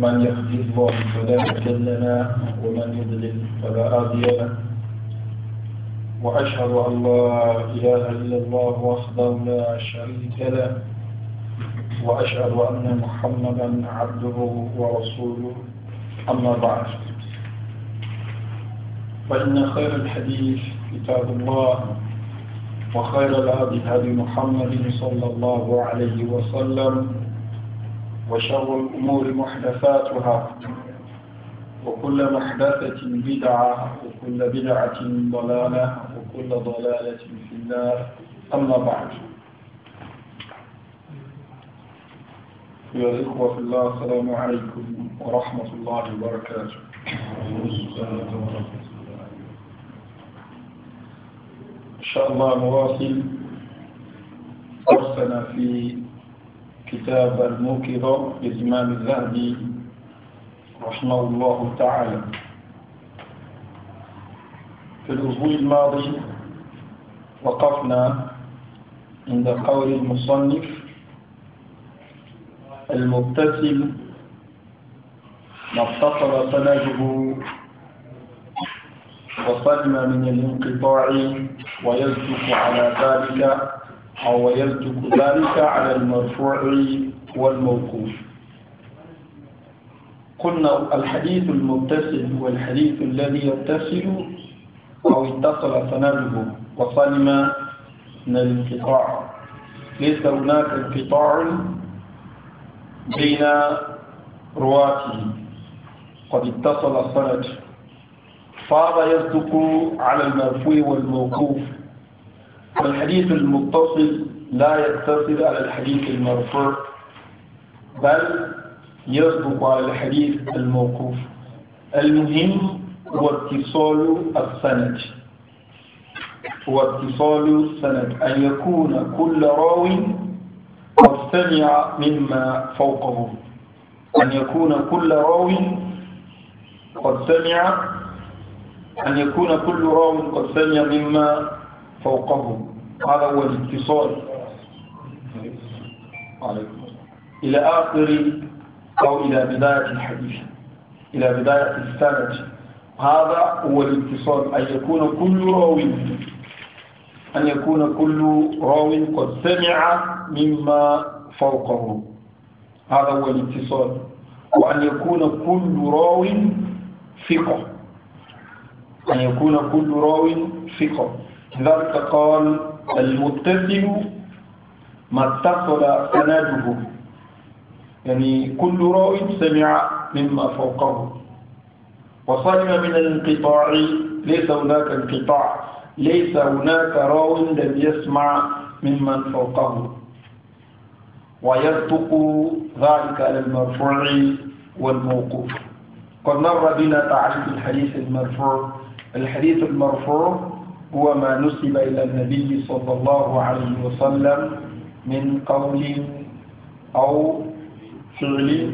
من يهدي الله فلا مضل له ومن يضلل فلا هادي له وأشهد أن لا إله إلا الله وحده لا شريك له وأشهد أن محمدا عبده ورسوله أما بعد فإن خير الحديث كتاب الله وخير الهدي هدي محمد صلى الله عليه وسلم وشر الأمور محدثاتها وكل محدثة بدعة وكل بدعة ضلالة وكل ضلالة في النار أما بعد يا الإخوة في الله السلام عليكم ورحمة الله وبركاته إن شاء الله نواصل درسنا في كتاب الموكظة للإمام الذهبي رحمه الله تعالى في الأسبوع الماضي وقفنا عند قول المصنف المبتسم ما اتصل سنده وسلم من الانقطاع ويصدق على ذلك أو يصدق ذلك على المرفوع والموقوف قلنا الحديث المتصل هو الحديث الذي يتصل أو اتصل سنده وسلم من الانقطاع ليس هناك انقطاع بين رواته قد اتصل السند فهذا يصدق على المرفوع والموقوف فالحديث المتصل لا يقتصر على الحديث المرفوع بل يصدق على الحديث الموقوف المهم هو اتصال السند هو اتصال السند أن يكون كل راو قد سمع مما فوقه أن يكون كل راو قد سمع أن يكون كل راو قد سمع مما فوقه هذا هو الاتصال إلى آخر أو إلى بداية الحديث إلى بداية السند هذا هو الاتصال أن يكون كل راوي أن يكون كل راوي قد سمع مما فوقه هذا هو الاتصال وأن يكون كل راو ثقة أن يكون كل راو ثقة لذلك قال المتصل ما اتصل سناده يعني كل راو سمع مما فوقه وصلب من الانقطاع ليس هناك انقطاع ليس هناك راو لم يسمع ممن فوقه ويصدق ذلك على المرفوع والموقوف قد مر بنا تعريف الحديث المرفوع الحديث المرفوع هو ما نسب إلى النبي صلى الله عليه وسلم من قول أو فعل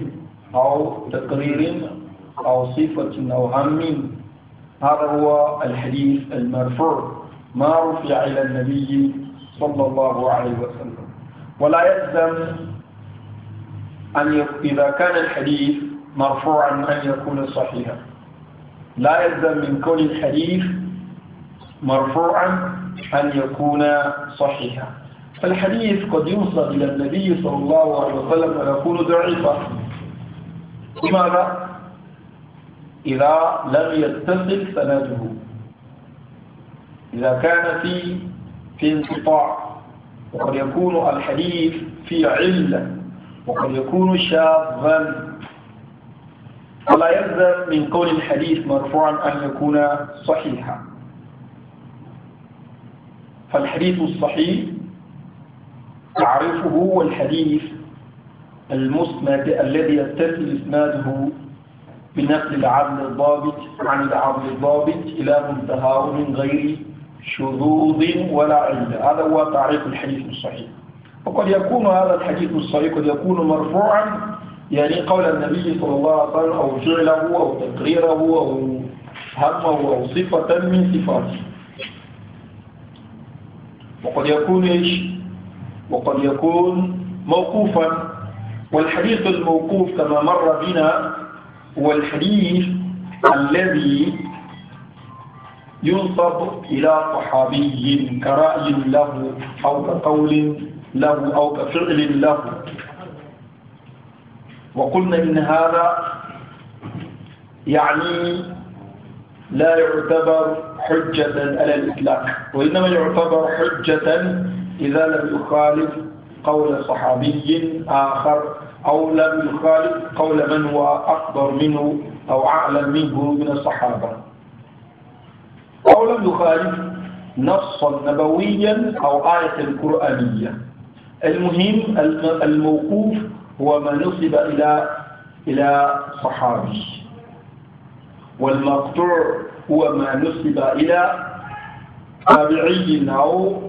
أو تقرير أو صفة أو هم هذا هو الحديث المرفوع ما رفع إلى النبي صلى الله عليه وسلم ولا يلزم أن إذا كان الحديث مرفوعا أن يكون صحيحا لا يلزم من كل الحديث مرفوعا أن يكون صحيحا فالحديث قد يوصل إلى النبي صلى الله عليه وسلم ويكون ضعيفا لماذا؟ إذا لم يتصل سنده إذا كان في في انقطاع وقد يكون الحديث في علة وقد يكون شاذا فلا يلزم من قول الحديث مرفوعا أن يكون صحيحا فالحديث الصحيح تعرفه هو الحديث المسند الذي يتصل إسناده بنقل العدل الضابط عن العدل الضابط إلى منتهاه من غير شذوذ ولا علة هذا هو تعريف الحديث الصحيح وقد يكون هذا الحديث الصحيح قد يكون مرفوعا يعني قول النبي صلى الله عليه وسلم أو فعله أو تقريره أو همه أو صفة من صفاته وقد يكون إيش وقد يكون موقوفا والحديث الموقوف كما مر بنا هو الحديث الذي ينصب إلى صحابي كرأي له أو كقول له أو كفعل له وقلنا إن هذا يعني لا يعتبر حجة على الإطلاق وإنما يعتبر حجة إذا لم يخالف قول صحابي آخر أو لم يخالف قول من هو أكبر منه أو أعلم منه من الصحابة أو لم يخالف نصا نبويا أو آية قرآنية المهم الموقوف هو ما نصب إلى إلى صحابي والمقطوع هو ما نسب إلى تابعي أو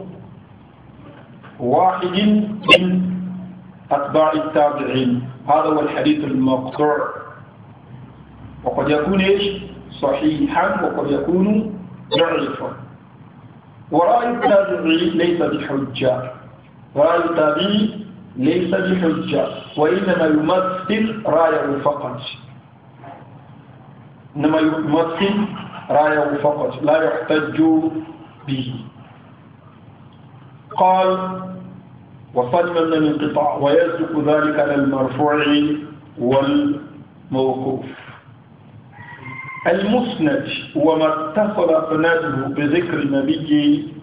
واحد من أتباع التابعين هذا هو الحديث المقطوع وقد يكون إيش صحيحا وقد يكون ضعيفا ورأي التابعي ليس بحجة رأي التابعي ليس بحجة وإنما يمثل رأيه فقط إنما يمثل رايه فقط لا يحتج به قال وصلنا من الانقطاع ويسلك ذلك على المرفوع والموقوف المسند هو ما اتصل اسناده بذكر النبي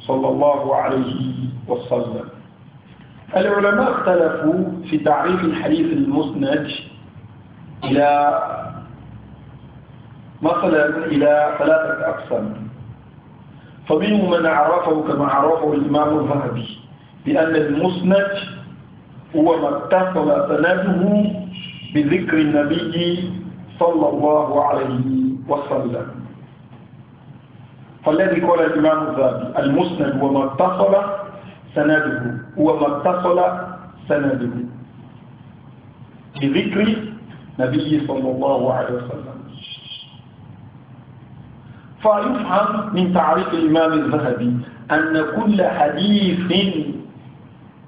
صلى الله عليه وسلم العلماء اختلفوا في تعريف الحديث المسند إلى مثلا إلى ثلاثة أقسام فمنهم من عرفه كما عرفه الإمام الذهبي بأن المسند هو ما اتصل سنده بذكر النبي صلى الله عليه وسلم فالذي قال الإمام الذهبي المسند هو ما اتصل سنده هو ما اتصل سنده بذكر النبي صلى الله عليه وسلم فيفهم من تعريف الإمام الذهبي أن كل حديث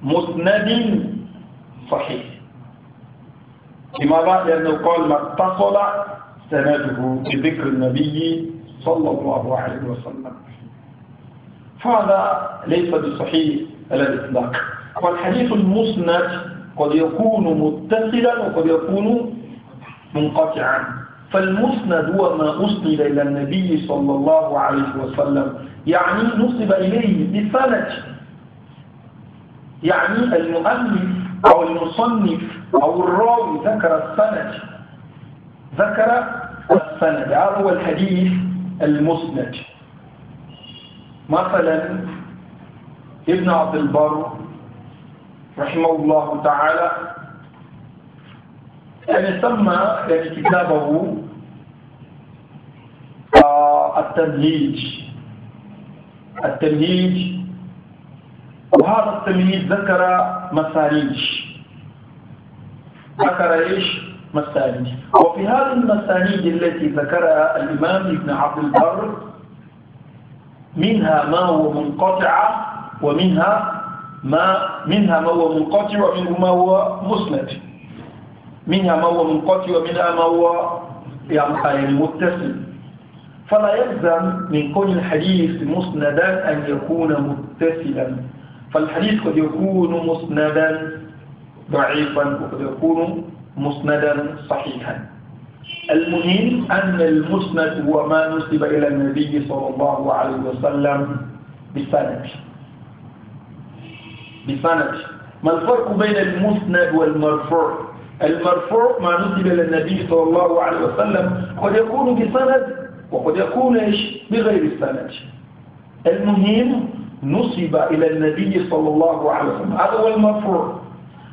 مسند صحيح لماذا؟ لأنه قال ما اتصل سنده بذكر النبي صلى الله عليه وسلم فهذا ليس بصحيح على الإطلاق والحديث المسند قد يكون متصلا وقد يكون منقطعا فالمسند هو ما أسند إلى النبي صلى الله عليه وسلم يعني نصب إليه بسند يعني المؤلف أو المصنف أو الراوي ذكر السند ذكر السند هذا هو الحديث المسند مثلا ابن عبد البر رحمه الله تعالى يعني سمى يعني كتابه التمهيج التمهيد التمهيد وهذا التمهيد ذكر مساريج ذكر ايش؟ مساريج وفي هذه المسانيد التي ذكرها الامام ابن عبد البر منها ما هو منقطع ومنها ما منها ما هو منقطع ومنه ما هو مسند منها ما هو منقطع ومنها ما هو يعني متصل فلا يلزم من كون الحديث مسندا أن يكون متصلا فالحديث قد يكون مسندا ضعيفا وقد يكون مسندا صحيحا المهم أن المسند هو ما نسب إلى النبي صلى الله عليه وسلم بسند بسند ما الفرق بين المسند والمرفوع المرفوع ما نسب إلى النبي صلى الله عليه وسلم قد يكون بسند وقد يكون إيش بغير السند المهم نسب إلى النبي صلى الله عليه وسلم هذا هو المرفوع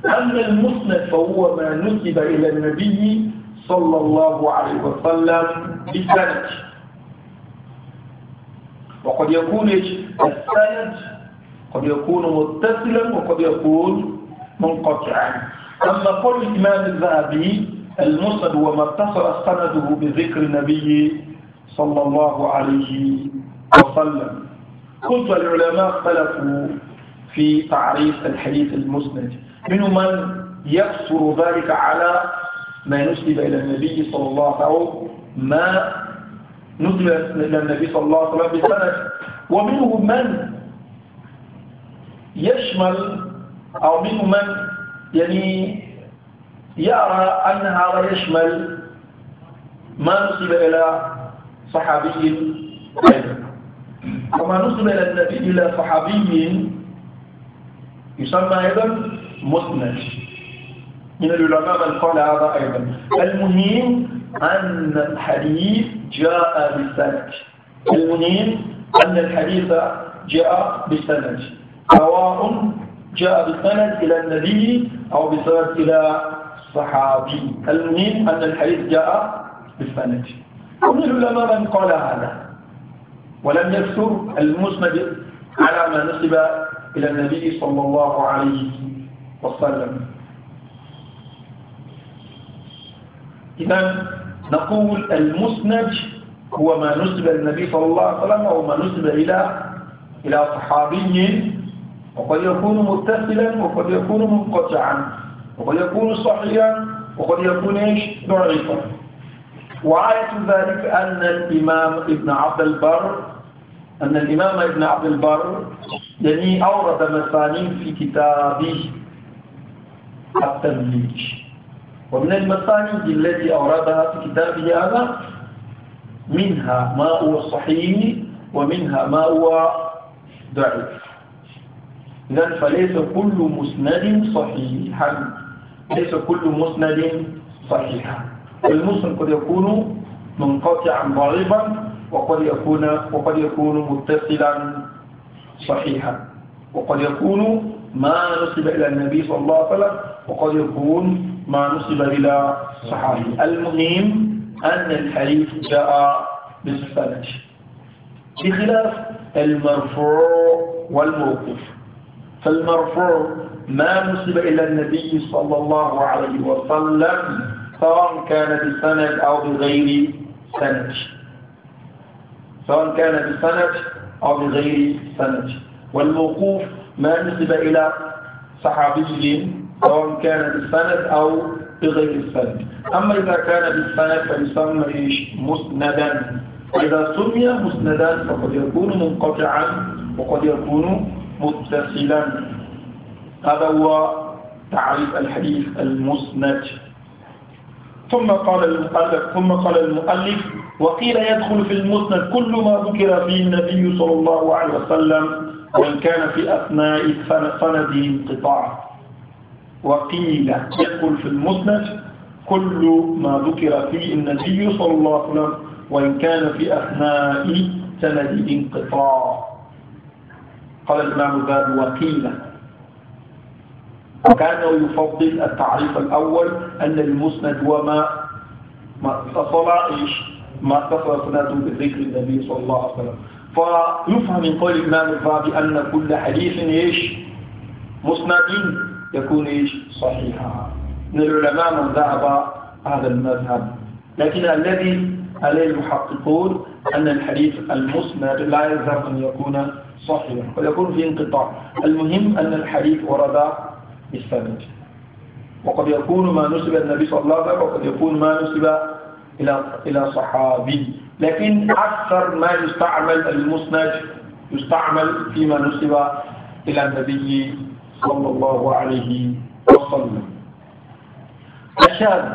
أما المسند فهو ما نسب إلى النبي صلى الله عليه وسلم بسند وقد يكون السند قد يكون متصلا وقد يكون منقطعا أما قول الإمام الذهبي المسند وما اتصل سنده بذكر النبي صلى الله عليه وسلم كنت العلماء اختلفوا في تعريف الحديث المسند منهم من يقصر ذلك على ما نسب إلى النبي صلى الله عليه وسلم أو ما نسب إلى النبي صلى الله عليه وسلم بسند ومنهم من يشمل أو منهم من يعني يرى أن هذا يشمل ما نسب إلى صحابي أيضا وما نسب إلى النبي إلى صحابي يسمى أيضا مسند من العلماء من قال هذا أيضا المهم أن الحديث جاء بالسند المهم أن الحديث جاء بالسند سواء جاء بالسند إلى النبي أو بسند إلى صحابي المهم أن الحديث جاء بالسند ومن العلماء من قال هذا ولم يذكر المسند على ما نسب إلى النبي صلى الله عليه وسلم إذا نقول المسند هو ما نسب النبي صلى الله عليه وسلم أو ما نسب إلى إلى صحابي وقد يكون متصلا وقد يكون منقطعا وقد يكون صحيحا وقد يكون ايش ضعيفا وعاية ذلك أن الإمام ابن عبد البر أن الإمام ابن عبد البر يعني أورد مسانيد في كتابه التبليغ ومن المسانيد التي أوردها في كتابه هذا منها ما هو صحيح ومنها ما هو ضعيف إذن فليس كل مسند صحيحا ليس كل مسند صحيحا المسند قد يكون منقطعا ضعيفا وقد يكون وقد يكون متصلا صحيحا وقد يكون ما نسب إلى النبي صلى الله عليه وسلم وقد يكون ما نسب إلى صحابي المهم أن الحديث جاء بالسند بخلاف المرفوع والموقوف فالمرفوع ما نسب إلى النبي صلى الله عليه وسلم سواء كان بسند أو بغير سند سواء كان بسند أو بغير سند والوقوف ما نسب إلى صحابي سواء كان بسند أو بغير سند أما إذا كان بالسند فيسمى مسندا وإذا سمي مسندا فقد يكون منقطعا وقد يكون متصلا هذا هو تعريف الحديث المسند ثم قال المؤلف ثم قال المؤلف وقيل يدخل في المسند كل ما ذكر فيه النبي صلى الله عليه وسلم وإن كان في أثناء سنده انقطاع وقيل يدخل في المسند كل ما ذكر فيه النبي صلى الله عليه وسلم وإن كان في أثناء سنده انقطاع قال الإمام الباب وقيل وكان يفضل التعريف الأول أن المسند وما ما اتصل إيش ما اتصل سنته بذكر النبي صلى الله عليه وسلم فيفهم من قول الإمام الباب أن كل حديث إيش مسند يكون إيش صحيحا من العلماء من ذهب هذا المذهب لكن الذي عليه المحققون أن الحديث المسند لا يلزم أن يكون صحيح ويكون في انقطاع المهم أن الحديث ورد بالسند وقد يكون ما نسب النبي صلى الله عليه وسلم وقد يكون ما نسب إلى إلى صحابي لكن أكثر ما يستعمل المسند يستعمل فيما نسب إلى النبي صلى الله عليه وسلم أشاد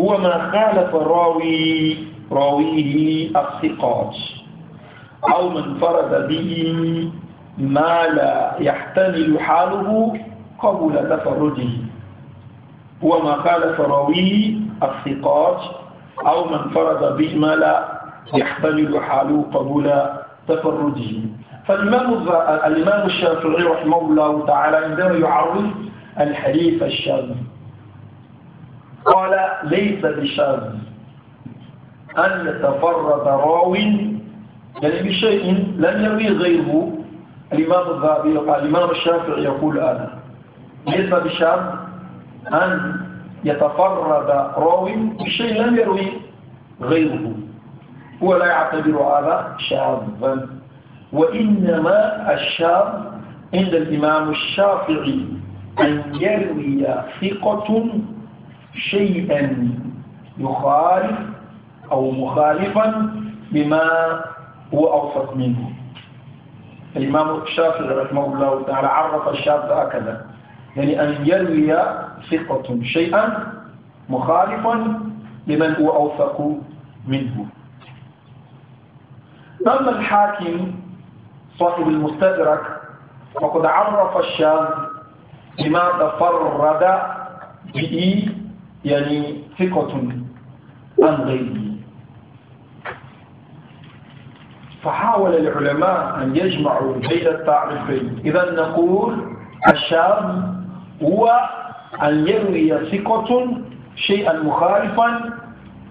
هو ما خالف الراوي راويه الثقات أو من فرد به ما لا يحتمل حاله قبل تفرده هو ما خالف راويه الثقات أو من فرد به ما لا يحتمل حاله قبل تفرده فالإمام الإمام الشافعي رحمه الله تعالى عندما يعرف الحديث الشاذ قال ليس بشاذ أن يتفرد راو يعني بشيء لم يروي غيره الإمام الذهبي قال الإمام الشافعي يقول هذا ليس بشرط أن يتفرد راو بشيء لم يروي غيره هو لا يعتبر هذا شاذا وإنما الشاذ عند الإمام الشافعي أن يروي ثقة شيئا يخالف أو مخالفا بما هو أوسط منه الإمام الشافعي رحمه الله تعالى عرف الشاب هكذا يعني أن يروي ثقة شيئا مخالفا لمن هو أوثق منه أما الحاكم صاحب المستدرك فقد عرف الشاب بما تفرد به يعني ثقة عن غيره فحاول العلماء أن يجمعوا بين التعريفين إذا نقول الشاب هو أن يروي ثقة شيئا مخالفا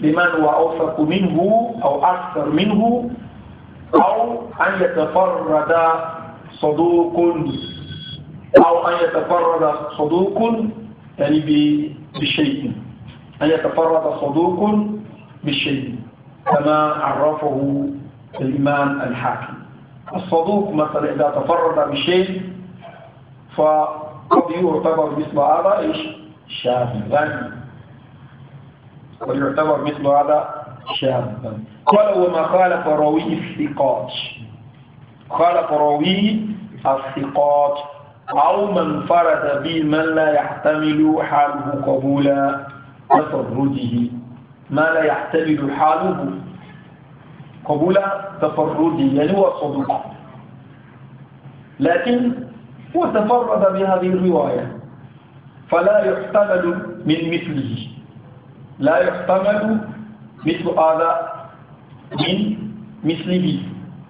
لمن هو أوثق منه أو أكثر منه أو أن يتفرد صدوق أو أن يتفرد صدوق يعني بشيء أن يتفرد صدوق بالشيء كما عرفه الإمام الحاكم الصدوق مثلا إذا تفرد بشيء فقد يعتبر مثل هذا إيش شاذا ويعتبر مثل هذا شاذا قال وما خالف راوي الثقات خالف راوي الثقات أو من فرد به من لا يحتمل حاله قبول تفرده ما لا يحتمل حاله قبول تفرده يعني هو صدوق لكن هو تفرد بهذه الرواية فلا يحتمل من مثله لا يحتمل مثل هذا من مثله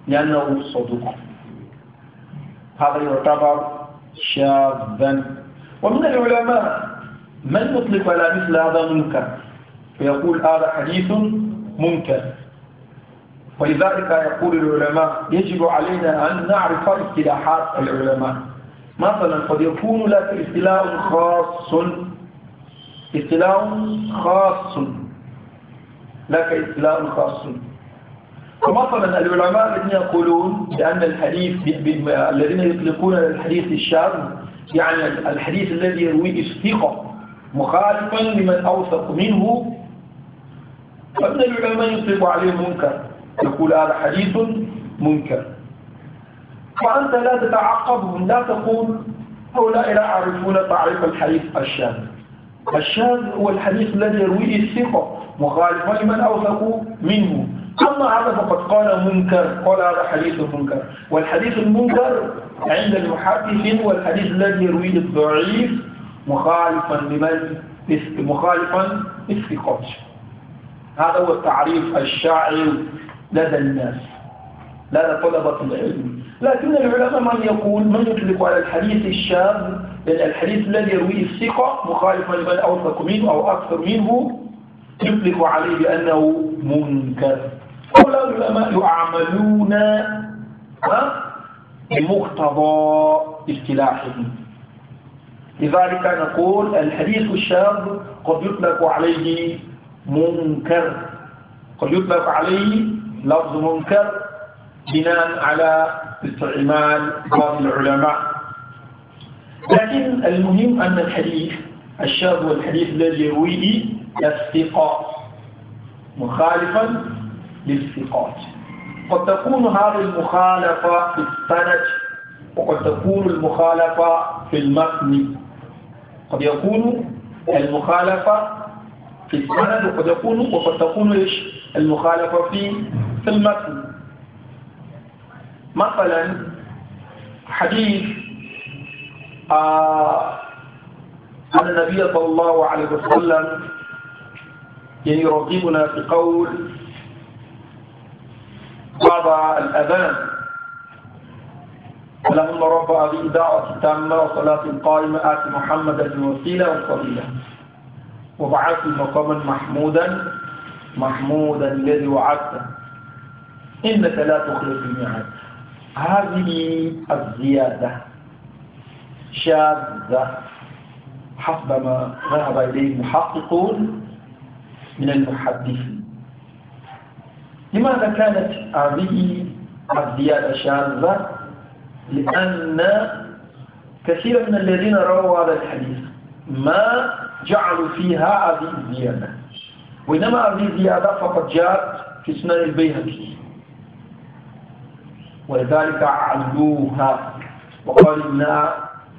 لأنه صدوق هذا يعتبر شاذا ومن العلماء من مطلق على مثل هذا منكر فيقول هذا حديث منكر ولذلك يقول العلماء يجب علينا أن نعرف اصطلاحات العلماء مثلا قد يكون لك اصطلاح خاص اصطلاح خاص لك اصطلاح خاص فمثلا العلماء الذين يقولون بأن الحديث الذين يطلقون الحديث الشاذ يعني الحديث الذي يرويه الثقة مخالفا لمن أوثق منه فمن العلماء يطلق عليه منكر يقول هذا حديث منكر فأنت لا تتعقبهم لا تقول هؤلاء لا يعرفون تعريف الحديث الشاذ الشاذ هو الحديث الذي يرويه الثقة مخالفا لمن أوثقوا منه أما هذا فقد قال منكر قال هذا حديث منكر والحديث المنكر عند المحدثين هو الحديث الذي يرويه الضعيف مخالفا لمن مخالفا للثقة هذا هو التعريف الشاعر لدى الناس لدى طلبة العلم لكن العلماء من يقول من يطلق على الحديث الشاذ الحديث الذي يرويه الثقة مخالفا لمن أوثق منه أو أكثر منه يطلق عليه بأنه منكر هؤلاء العلماء يعملون بمقتضى اصطلاحهم لذلك نقول الحديث الشاذ قد يطلق عليه منكر قد يطلق عليه لفظ منكر بناء على استعمال بعض العلماء لكن المهم أن الحديث الشاذ والحديث الذي يرويه الثقة مخالفا للثقات قد تكون هذه المخالفة في السند وقد تكون المخالفة في المتن قد يكون المخالفة في السند وقد يكون وقد تكون المخالفة في في المتن مثلا حديث آه أن النبي صلى الله عليه وسلم يعني يرغبنا في قول بعض الأذان ولهم رب أبي الدعوة تامة وصلاة قائمة آت محمدا الوسيلة والفضيلة وبعث مقاما محمودا محمودا الذي وعدته إنك لا تخلف الميعاد هذه الزيادة شاذة حسب ما ذهب إليه المحققون من المحدثين لماذا كانت هذه الزيادة شاذة؟ لأن كثير من الذين رووا هذا الحديث ما جعلوا فيها هذه الزيادة وإنما هذه الزيادة فقد جاءت في سنن البيهقي ولذلك علوها لا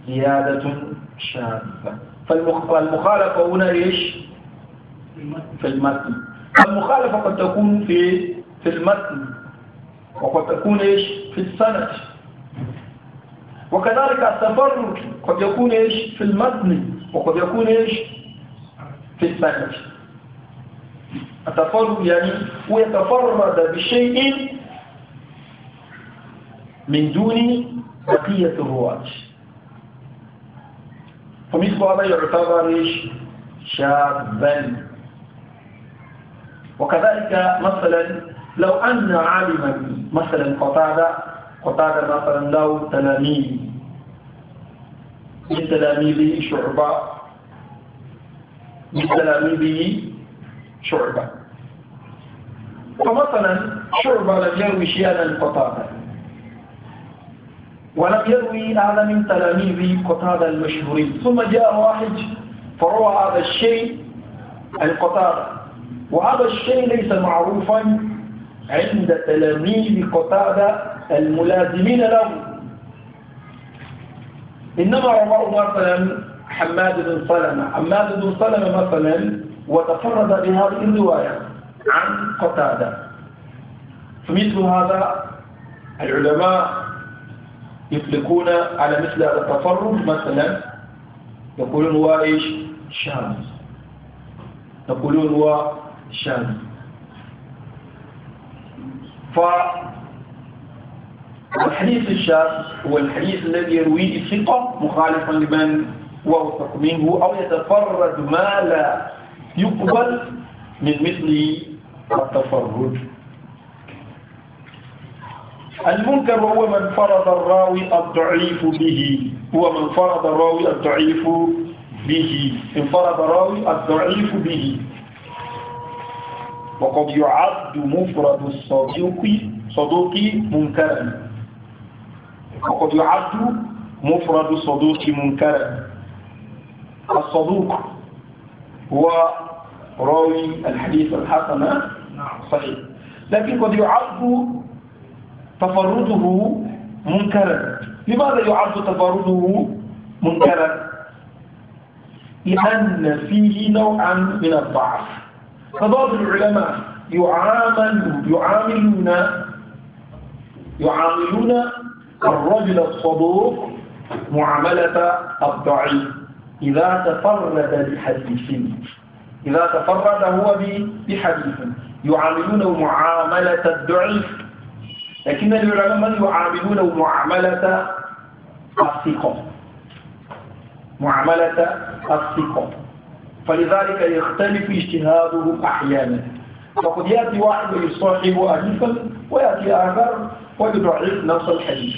زيادة شاذة فالمخالفة هنا إيش؟ في المتن المخالفة قد تكون في في المتن وقد تكون إيش؟ في السند وكذلك التفرد قد يكون إيش؟ في المتن وقد يكون إيش؟ في السند التفرد يعني هو يتفرد بشيء من دون بقية الرواة فمثل هذا يعتبر شابا وكذلك مثلا لو أن عالما مثلا قتادة قتادة مثلا له تلاميذ من تلاميذه شعبة من تلاميذه شعبة فمثلا شعبة لم يروي شيئا قتادة ولم يروي على من تلاميذ قتادة المشهورين ثم جاء واحد فروى هذا الشيء عن قتادة وهذا الشيء ليس معروفا عند تلاميذ قتادة الملازمين له إنما رواه مثلا حماد بن سلمة حماد بن سلمة مثلا وتفرد بهذه الرواية عن قتادة فمثل هذا العلماء يطلقون على مثل التفرد مثلا يقولون هو ايش شاذ يقولون هو شاذ فالحديث الشاذ هو الحديث الذي يرويه ثقة مخالفا لمن وثق منه أو يتفرد ما لا يقبل من مثل التفرد المنكر هو من فرض الراوي الضعيف به هو من فرض الراوي الضعيف به فرض الراوي الضعيف به وقد يعد مفرد الصدوق صدوق منكرا وقد يعد مفرد الصدوق منكرا الصدوق هو راوي الحديث الحسن نعم. صحيح لكن قد يعد تفرده منكرا لماذا يعد تفرده منكرا لأن فيه نوعا من الضعف فبعض العلماء يعامل يعاملون يعاملون الرجل الصدوق معاملة الضعيف إذا تفرد بحديث إذا تفرد هو بحديث يعاملونه معاملة الضعيف لكن العلماء يعاملونه معاملة الثقة معاملة الثقة فلذلك يختلف اجتهادهم أحيانا فقد يأتي واحد يصاحب أليفا ويأتي آخر ويضعف نفس الحديث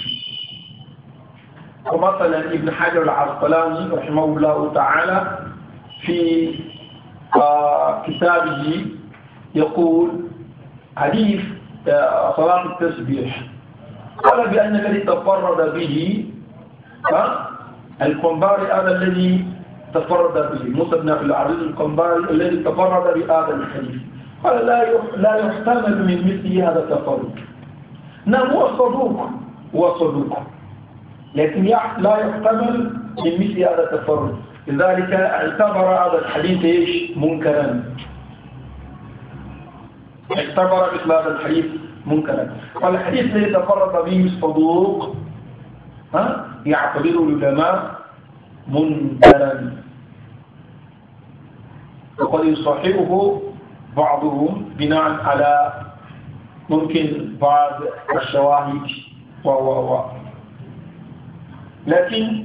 ومثلا ابن حجر العسقلاني رحمه الله تعالى في آه، كتابه يقول حديث صلاة التسبيح قال بأن الذي تفرد به القنباري هذا الذي تفرد به موسى بن عبد العزيز القنباري الذي تفرد بهذا الحديث قال لا لا يحتمل من مثل هذا التفرد نعم هو صدوق هو صدوق لكن لا يحتمل من مثل هذا التفرد لذلك اعتبر هذا الحديث ايش منكرا اعتبر إطلاق الحديث منكرا والحديث الذي تفرد به الصدوق ها يعتبره العلماء منكرا وقد يصححه بعضهم بناء على ممكن بعض الشواهد و و و لكن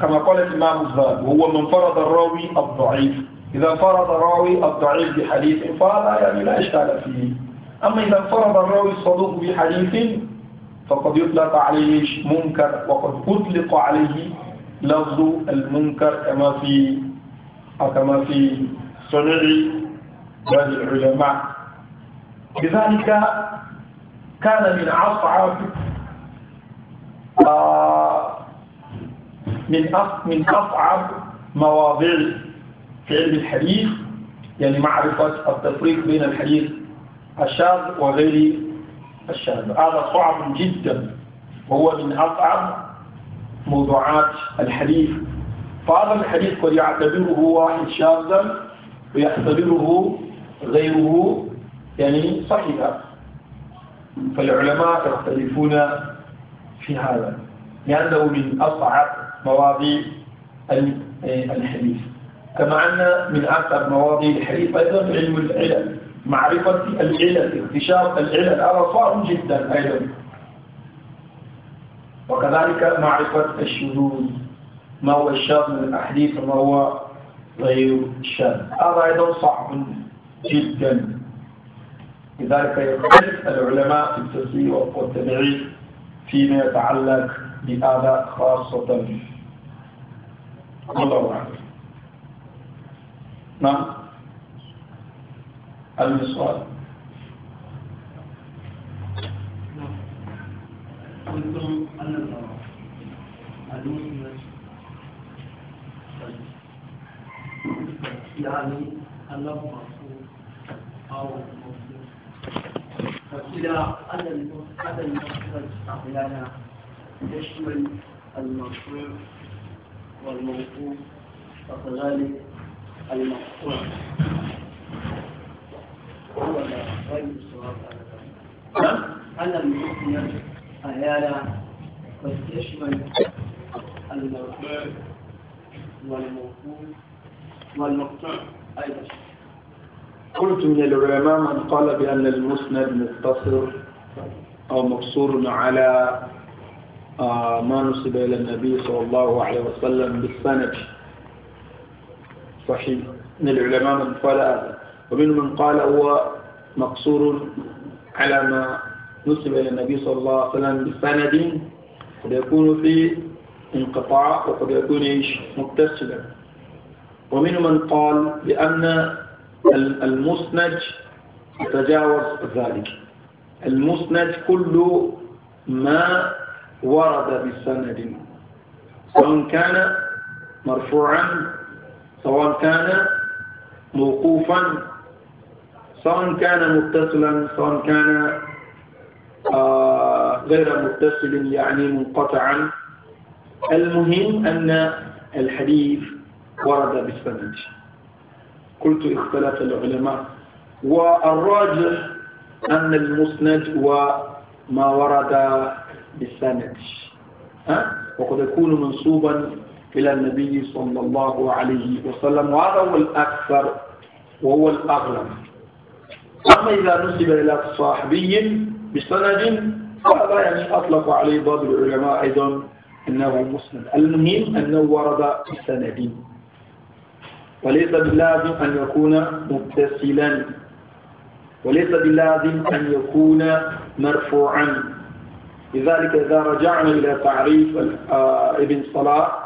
كما قال الإمام الذهبي هو من فرض الراوي الضعيف إذا فرض الراوي الضعيف بحديث فهذا يعني لا إشكال فيه أما إذا فرض الراوي الصدوق بحديث فقد يطلق عليه منكر وقد أطلق عليه لفظ المنكر كما في كما في صنع بعض العلماء لذلك كان من أصعب آه، من من أصعب مواضيع في علم الحديث يعني معرفة التفريق بين الحديث الشاذ وغير الشاذ هذا صعب جدا وهو من أصعب موضوعات الحديث فهذا الحديث قد يعتبره واحد شاذا ويعتبره غيره يعني صحيحا فالعلماء يختلفون في هذا لأنه من أصعب مواضيع الحديث كما أن من أكثر مواضيع الحديث أيضا علم العلل معرفة العلل اكتشاف العلل هذا صعب جدا أيضا وكذلك معرفة الشذوذ ما هو الشاذ من الأحاديث وما هو غير الشاذ هذا أيضا صعب جدا لذلك يختلف العلماء في التفسير والتبعيد فيما يتعلق بهذا خاصة الله أعلم نعم المسؤال قلتم أن الله المسلم يعني الله مغفور أو مغفور فإذا أن المغفور أحيانا يشمل المغفور والمغفور فكذلك المقصود أن قد يشمل قلت من العلماء من قال بأن المسند مقتصر أو مقصور على آه، ما نسب إلى النبي صلى الله عليه وسلم بالسند صحيح من العلماء من قال هذا ومنهم من قال هو مقصور على ما نسب إلى النبي صلى الله عليه وسلم بسند قد يكون في انقطاع وقد يكون إيش متصلا ومنهم من قال بأن المسند يتجاوز ذلك المسند كل ما ورد بسند سواء كان مرفوعا سواء كان موقوفا سواء كان متصلا سواء كان آه، غير متصل يعني منقطعا المهم أن الحديث ورد بالسند قلت اختلف العلماء والراجح أن المسند هو ما ورد بالسند وقد يكون منصوبا إلى النبي صلى الله عليه وسلم وهذا هو الأكثر وهو الأغلب أما إذا نسب إلى صاحبي بسند فهذا يعني أطلق عليه بعض العلماء أيضا أنه مسند المهم أنه ورد بسند وليس بلازم أن يكون متصلا وليس بلازم أن يكون مرفوعا لذلك إذا رجعنا إلى تعريف آه، ابن صلاح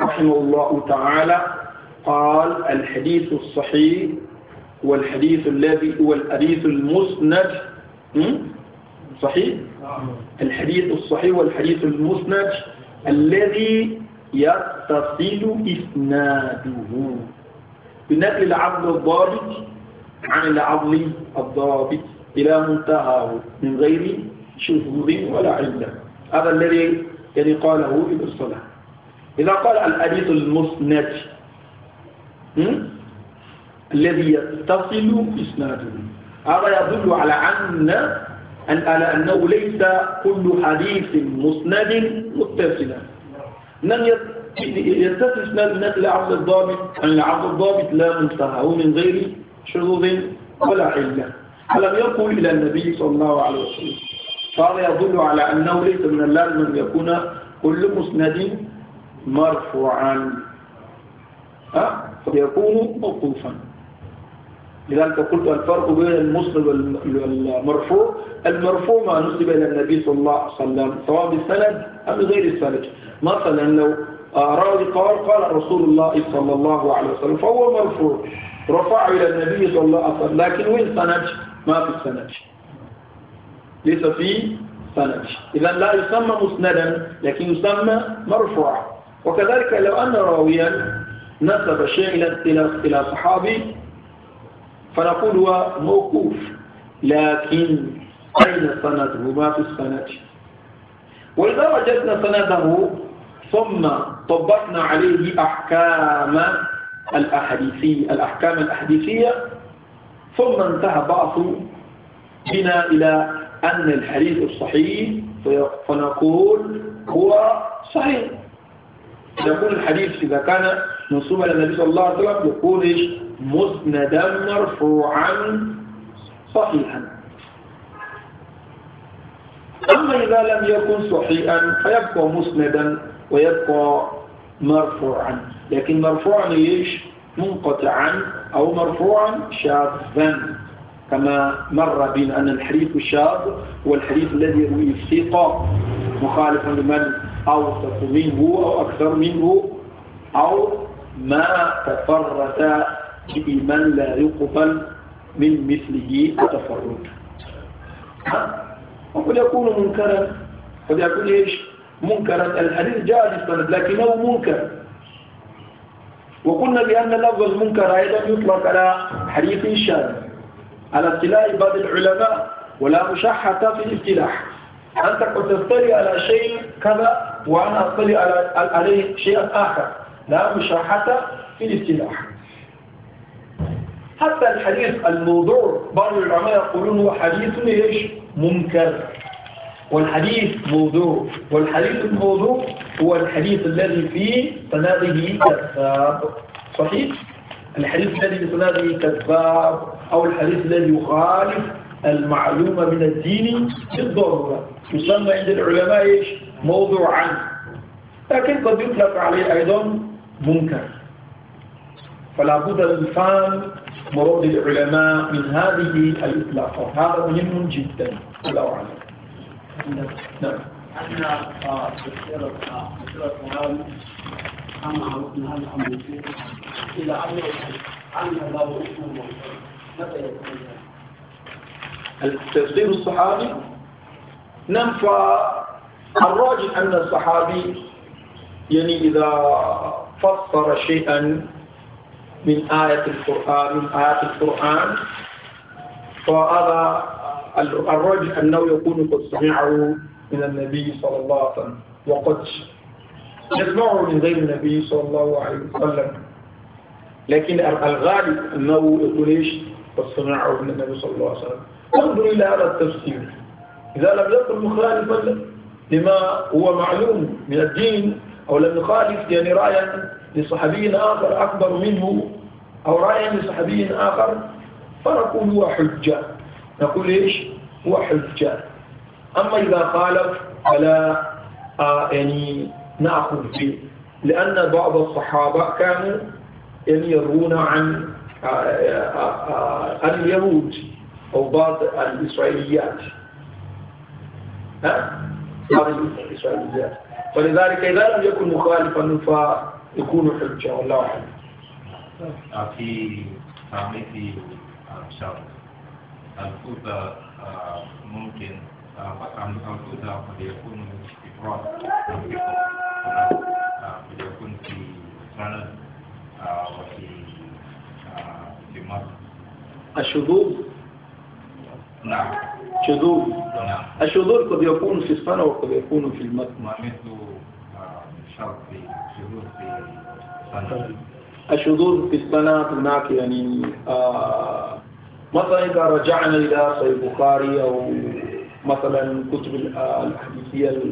رحمه الله تعالى قال الحديث الصحيح والحديث الذي هو الحديث المسند صحيح الحديث الصحيح والحديث المسند الذي يتصل إسناده بنقل العبد الضابط عن العبد الضابط إلى منتهى من غير شذوذ ولا علة هذا الذي يعني قاله ابن الصلاح إذا قال الحديث المسند الذي يتصل إسناده هذا يدل على أن أن على أنه ليس كل حديث مسند متصلا لم يتصل إسناد الناس إلى عبد الضابط أن يعني عبد الضابط لا منتهى من غير شذوذ ولا علة ألم يقل إلى النبي صلى الله عليه وسلم فهذا يدل على أنه ليس من اللازم أن يكون كل مسند مرفوعا أه؟ فبيكون موقوفا لذلك قلت الفرق بين المسند والمرفوع المرفوع ما نسب إلى النبي صلى الله عليه وسلم سواء بالسند أم بغير السند مثلا لو آه، راوي قال قال رسول الله صلى الله عليه وسلم فهو مرفوع رفع إلى النبي صلى الله عليه وسلم لكن وين سند ما في سند ليس في سند إذا لا يسمى مسندا لكن يسمى مرفوعا وكذلك لو أن راويا نسب شيئا إلى صحابي فنقول هو موقوف لكن أين سنده ما في السند وإذا وجدنا سنده ثم طبقنا عليه أحكام الأحاديثية الأحكام الأحاديثية ثم انتهى بعض بنا إلى أن الحديث الصحيح فنقول هو صحيح يقول الحديث إذا كان منصوبا للنبي النبي صلى الله عليه وسلم يقول إيش مسندا مرفوعا صحيحا أما إذا لم يكن صحيحا فيبقى مسندا ويبقى مرفوعا لكن مرفوعا إيش منقطعا أو مرفوعا شاذا كما مر بنا أن الحديث الشاذ هو الحديث الذي يروي الثقة مخالفا لمن أو منه أو أكثر منه أو ما تفرد بمن لا يقبل من مثله التفرد وقد يكون منكرا قد يكون ايش منكرا الحديث جاء بالسند لكنه منكر وقلنا بأن لفظ المنكر أيضا يطلق على حديث الشاذ على ابتلاء بعض العلماء ولا مشحة في الاصطلاح أنت قد تفتري على شيء كذا وأنا أطلع عليه شيئا آخر لا حتى في الاصطلاح حتى الحديث الموضوع بعض العلماء يقولون هو حديث ايش منكر والحديث موضوع والحديث الموضوع هو الحديث الذي في سنده كذاب صحيح الحديث الذي في سنده كذاب او الحديث الذي يخالف المعلومة من الدين بالضرورة يسمى عند العلماء ايش موضوعا لكن قد يطلق عليه أيضا منكر فلا بد من فهم مراد العلماء من هذه الإطلاقات هذا مهم جدا الله أعلم نعم احنا تفسير تفسير عرفنا إلى له متى التفسير الصحابي نفى الراجح أن الصحابي يعني إذا فسر شيئا من آية القرآن من آية القرآن فهذا الرجل أنه يكون قد سمعه من النبي صلى الله عليه وسلم وقد يسمعه من غير النبي صلى الله عليه وسلم لكن الغالب أنه يقول إيش قد سمعه من النبي صلى الله عليه وسلم انظر إلى هذا التفسير إذا لم يكن مخالفا لما هو معلوم من الدين أو لم يخالف يعني رأيا لصحابي آخر أكبر منه أو رأيا لصحابي آخر فنقول هو حجة نقول إيش هو حجة أما إذا خالف فلا آه يعني نأخذ به لأن بعض الصحابة كانوا يعني يرون عن آه، آه، آه، اليهود أو بعض الإسرائيليات ها يعرض فلذلك إذا لم يكن مخالفا فيكون حجة والله أعلم في تعميد شرط الكتب ممكن الكتب قد يكون إفراد قد يكون في سند آه، وفي آه، في مصر الشذوذ نعم شذوذ نعم. الشذوذ قد يكون في الصنع وقد يكون في المد ومثل آه، في شذوذ في الشذوذ في الصنع هناك يعني آه، مثلا إذا رجعنا إلى صحيح البخاري أو مثلا كتب آه، الحديثية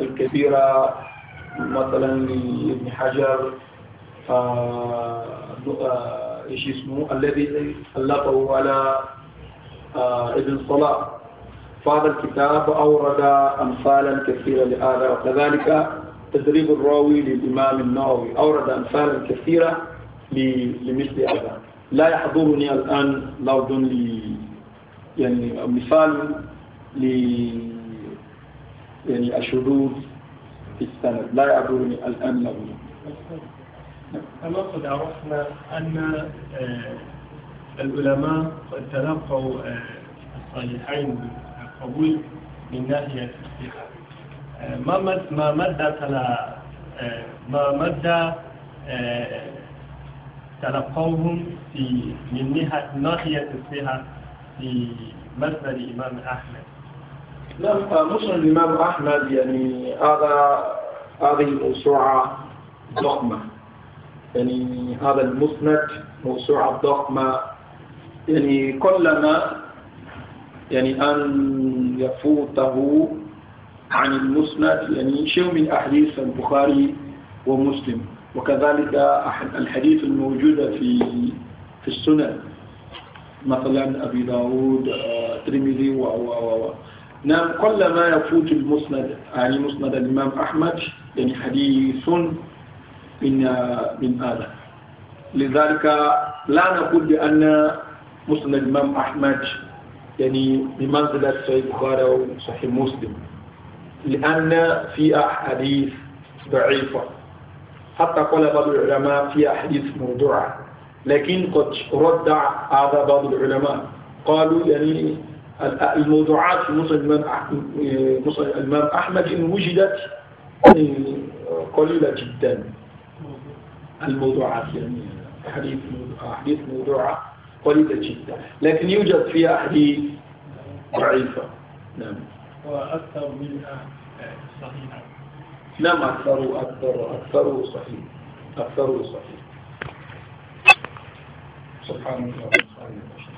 الكبيرة مثلا لابن حجر ايش اسمه الذي ألفه على ابن آه، صلاح فهذا الكتاب أورد أمثالا كثيرة لهذا وكذلك تدريب الراوي للإمام النووي أورد أمثالا كثيرة لمثل هذا لا يحضرني الآن لفظ يعني مثال ل يعني الشذوذ في السند لا يحضرني الآن لفظ. أنا قد عرفنا أن آه، العلماء قد تلقوا آه، الصالحين بالقبول من ناحية الثقة آه، ما ما مدى تلا آه، ما مدى تلقوهم في من ناحية الصحة في مسجد الإمام أحمد لا مسند الإمام أحمد يعني هذا هذه الموسوعة ضخمة يعني هذا المسند موسوعة ضخمة يعني كلما يعني أن يفوته عن المسند يعني شيء من أحاديث البخاري ومسلم وكذلك الحديث الموجودة في في السنن مثلا أبي داود آه، الترمذي و و و نعم ما يفوت المسند يعني مسند الإمام أحمد يعني حديث من من هذا لذلك لا نقول بأن مسلم الإمام أحمد يعني بمنزلة صحيح البخاري وصحيح مسلم لأن في أحاديث ضعيفة حتى قال بعض العلماء في أحاديث موضوعة لكن قد رد هذا بعض العلماء قالوا يعني الموضوعات في مسلم الإمام أحمد إن وجدت يعني قليلة جدا الموضوعات يعني حديث موضوعة قليلة جدا لكن يوجد فيها أحاديث ضعيفة نعم وأكثر منها صحيحة نعم أكثر أكثر أكثر صحيح أكثر صحيح سبحان الله